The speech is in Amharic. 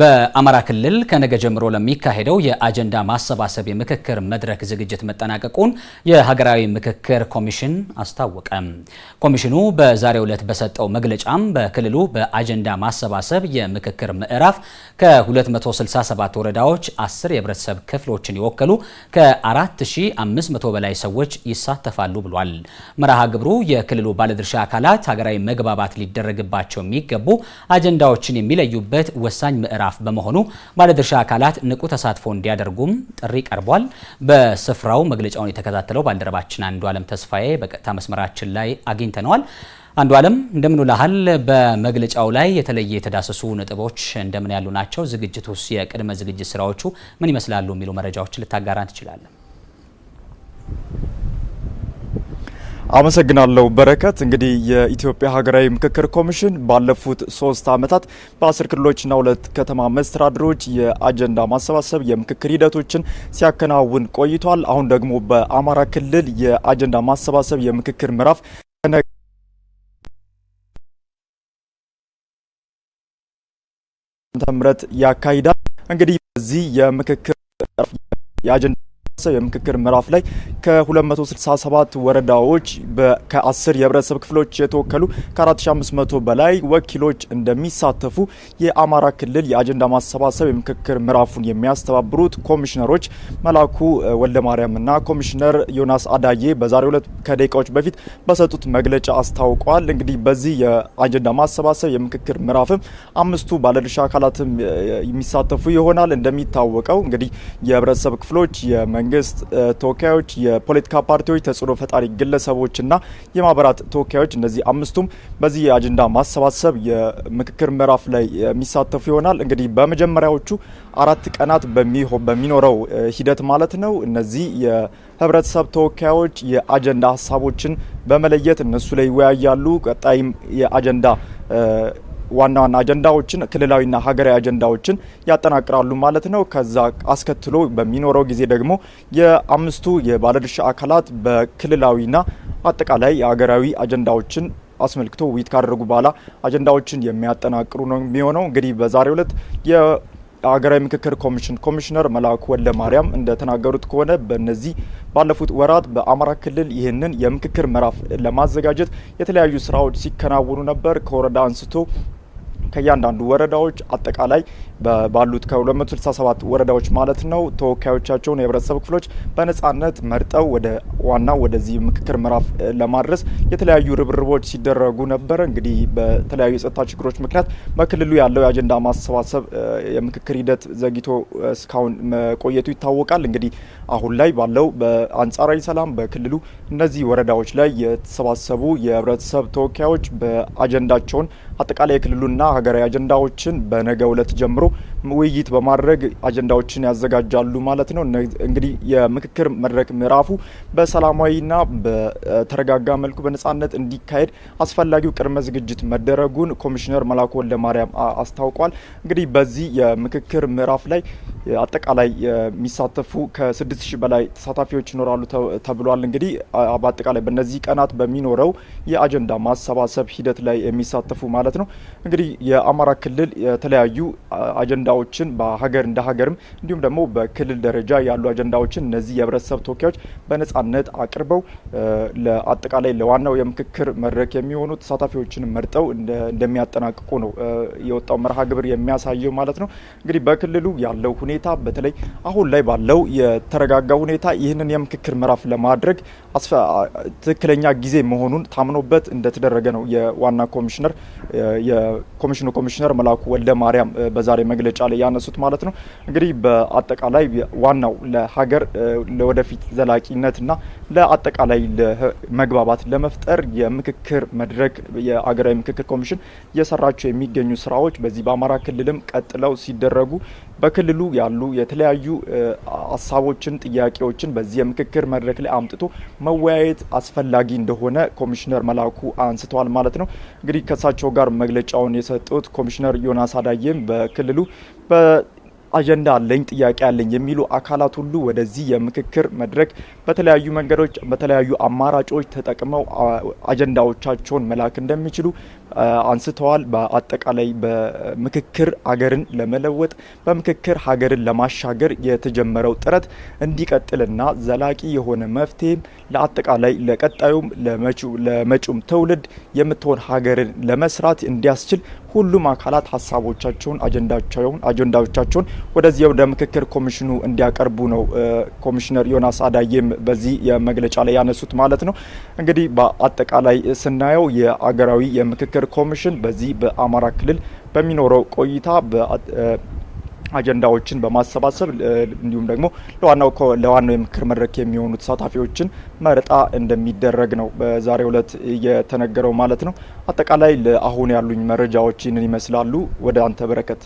በአማራ ክልል ከነገ ጀምሮ ለሚካሄደው የአጀንዳ ማሰባሰብ የምክክር መድረክ ዝግጅት መጠናቀቁን የሀገራዊ ምክክር ኮሚሽን አስታወቀ። ኮሚሽኑ በዛሬው ዕለት በሰጠው መግለጫም በክልሉ በአጀንዳ ማሰባሰብ የምክክር ምዕራፍ ከ267 ወረዳዎች 10 የህብረተሰብ ክፍሎችን የወከሉ ከ4500 በላይ ሰዎች ይሳተፋሉ ብሏል። መርሃ ግብሩ የክልሉ ባለድርሻ አካላት ሀገራዊ መግባባት ሊደረግባቸው የሚገቡ አጀንዳዎችን የሚለዩበት ወሳኝ ምዕራፍ ምዕራፍ በመሆኑ ባለድርሻ አካላት ንቁ ተሳትፎ እንዲያደርጉም ጥሪ ቀርቧል። በስፍራው መግለጫውን የተከታተለው ባልደረባችን አንዱ አለም ተስፋዬ በቀጥታ መስመራችን ላይ አግኝተነዋል። አንዱ አለም እንደምን ውለሃል? በመግለጫው ላይ የተለየ የተዳሰሱ ነጥቦች እንደምን ያሉ ናቸው? ውስጥ የቅድመ ዝግጅት ስራዎቹ ምን ይመስላሉ? የሚሉ መረጃዎችን ልታጋራን ትችላለን? አመሰግናለሁ በረከት። እንግዲህ የኢትዮጵያ ሀገራዊ ምክክር ኮሚሽን ባለፉት ሶስት ዓመታት በአስር ክልሎችና ሁለት ከተማ መስተዳድሮች የአጀንዳ ማሰባሰብ የምክክር ሂደቶችን ሲያከናውን ቆይቷል። አሁን ደግሞ በአማራ ክልል የአጀንዳ ማሰባሰብ የምክክር ምዕራፍ ምረት ያካሂዳል። እንግዲህ በዚህ የምክክር የአጀንዳ የህብረተሰብ የምክክር ምዕራፍ ላይ ከ267 ወረዳዎች ከ10 የህብረተሰብ ክፍሎች የተወከሉ ከ4500 በላይ ወኪሎች እንደሚሳተፉ የአማራ ክልል የአጀንዳ ማሰባሰብ የምክክር ምዕራፉን የሚያስተባብሩት ኮሚሽነሮች መላኩ እና ኮሚሽነር ዮናስ አዳዬ በዛሬ ሁለት ከደቂቃዎች በፊት በሰጡት መግለጫ አስታውቋል። እንግዲህ በዚህ የአጀንዳ ማሰባሰብ የምክክር ምዕራፍም አምስቱ ባለድርሻ አካላትም የሚሳተፉ ይሆናል። እንደሚታወቀው እንግዲህ የህብረተሰብ ክፍሎች የመንግስት የመንግስት ተወካዮች፣ የፖለቲካ ፓርቲዎች፣ ተጽዕኖ ፈጣሪ ግለሰቦችና የማህበራት ተወካዮች እነዚህ አምስቱም በዚህ የአጀንዳ ማሰባሰብ የምክክር ምዕራፍ ላይ የሚሳተፉ ይሆናል። እንግዲህ በመጀመሪያዎቹ አራት ቀናት በሚኖረው ሂደት ማለት ነው እነዚህ የህብረተሰብ ተወካዮች የአጀንዳ ሀሳቦችን በመለየት እነሱ ላይ ይወያያሉ። ቀጣይም የአጀንዳ ዋና ዋና አጀንዳዎችን ክልላዊና ሀገራዊ አጀንዳዎችን ያጠናቅራሉ ማለት ነው። ከዛ አስከትሎ በሚኖረው ጊዜ ደግሞ የአምስቱ የባለድርሻ አካላት በክልላዊና አጠቃላይ የሀገራዊ አጀንዳዎችን አስመልክቶ ውይይት ካደረጉ በኋላ አጀንዳዎችን የሚያጠናቅሩ ነው የሚሆነው። እንግዲህ በዛሬው ዕለት የሀገራዊ ምክክር ኮሚሽን ኮሚሽነር መላኩ ወልደ ማርያም እንደተናገሩት ከሆነ በነዚህ ባለፉት ወራት በአማራ ክልል ይህንን የምክክር ምዕራፍ ለማዘጋጀት የተለያዩ ስራዎች ሲከናወኑ ነበር። ከወረዳ አንስቶ ከእያንዳንዱ ወረዳዎች አጠቃላይ ባሉት ከ267 ወረዳዎች ማለት ነው ተወካዮቻቸውን የህብረተሰብ ክፍሎች በነጻነት መርጠው ወደ ዋና ወደዚህ ምክክር ምዕራፍ ለማድረስ የተለያዩ ርብርቦች ሲደረጉ ነበረ። እንግዲህ በተለያዩ የጸጥታ ችግሮች ምክንያት በክልሉ ያለው የአጀንዳ ማሰባሰብ የምክክር ሂደት ዘግይቶ እስካሁን መቆየቱ ይታወቃል። እንግዲህ አሁን ላይ ባለው በአንጻራዊ ሰላም በክልሉ እነዚህ ወረዳዎች ላይ የተሰባሰቡ የህብረተሰብ ተወካዮች በአጀንዳቸውን አጠቃላይ የክልሉና ሀገራዊ አጀንዳዎችን በነገ ውለት ጀምሮ ውይይት በማድረግ አጀንዳዎችን ያዘጋጃሉ ማለት ነው። እንግዲህ የምክክር መድረክ ምዕራፉ በሰላማዊና በተረጋጋ መልኩ በነጻነት እንዲካሄድ አስፈላጊው ቅድመ ዝግጅት መደረጉን ኮሚሽነር መላኩ ወልደ ማርያም አስታውቋል። እንግዲህ በዚህ የምክክር ምዕራፍ ላይ አጠቃላይ የሚሳተፉ ከስድስት 6000 በላይ ተሳታፊዎች ይኖራሉ ተብሏል። እንግዲህ በአጠቃላይ በእነዚህ ቀናት በሚኖረው የአጀንዳ ማሰባሰብ ሂደት ላይ የሚሳተፉ ማለት ነው። እንግዲህ የአማራ ክልል የተለያዩ አጀንዳዎችን በሀገር እንደ ሀገርም እንዲሁም ደግሞ በክልል ደረጃ ያሉ አጀንዳዎችን እነዚህ የህብረተሰብ ተወካዮች በነጻነት አቅርበው ለአጠቃላይ ለዋናው የምክክር መድረክ የሚሆኑ ተሳታፊዎችን መርጠው እንደሚያጠናቅቁ ነው የወጣው መርሃ ግብር የሚያሳየው ማለት ነው። እንግዲህ በክልሉ ያለው ሁኔ ሁኔታ በተለይ አሁን ላይ ባለው የተረጋጋ ሁኔታ ይህንን የምክክር ምዕራፍ ለማድረግ ትክክለኛ ጊዜ መሆኑን ታምኖበት እንደተደረገ ነው የዋና ኮሚሽነር የኮሚሽኑ ኮሚሽነር መላኩ ወልደ ማርያም በዛሬ መግለጫ ላይ ያነሱት ማለት ነው። እንግዲህ በአጠቃላይ ዋናው ለሀገር ለወደፊት ዘላቂነትና ለአጠቃላይ መግባባት ለመፍጠር የምክክር መድረክ የአገራዊ ምክክር ኮሚሽን እየሰራቸው የሚገኙ ስራዎች በዚህ በአማራ ክልልም ቀጥለው ሲደረጉ በክልሉ ያሉ የተለያዩ ሀሳቦችን፣ ጥያቄዎችን በዚህ የምክክር መድረክ ላይ አምጥቶ መወያየት አስፈላጊ እንደሆነ ኮሚሽነር መላኩ አንስተዋል ማለት ነው። እንግዲህ ከእሳቸው ጋር መግለጫውን የሰጡት ኮሚሽነር ዮናስ አዳዬም በክልሉ አጀንዳ አለኝ፣ ጥያቄ አለኝ የሚሉ አካላት ሁሉ ወደዚህ የምክክር መድረክ በተለያዩ መንገዶች በተለያዩ አማራጮች ተጠቅመው አጀንዳዎቻቸውን መላክ እንደሚችሉ አንስተዋል። በአጠቃላይ በምክክር ሀገርን ለመለወጥ በምክክር ሀገርን ለማሻገር የተጀመረው ጥረት እንዲቀጥልና ዘላቂ የሆነ መፍትሄም ለአጠቃላይ ለቀጣዩም ለመጪውም ትውልድ የምትሆን ሀገርን ለመስራት እንዲያስችል ሁሉም አካላት ሀሳቦቻቸውን አጀንዳቸውን አጀንዳዎቻቸውን ወደዚህ ወደ ምክክር ኮሚሽኑ እንዲያቀርቡ ነው ኮሚሽነር ዮናስ አዳዬም በዚህ የመግለጫ ላይ ያነሱት ማለት ነው። እንግዲህ በአጠቃላይ ስናየው የአገራዊ የምክክር ኮሚሽን በዚህ በአማራ ክልል በሚኖረው ቆይታ አጀንዳዎችን በማሰባሰብ እንዲሁም ደግሞ ለዋናው ለዋናው የምክር መድረክ የሚሆኑ ተሳታፊዎችን መረጣ እንደሚደረግ ነው በዛሬው ዕለት የተነገረው ማለት ነው። አጠቃላይ ለአሁን ያሉኝ መረጃዎች ይህንን ይመስላሉ። ወደ አንተ በረከት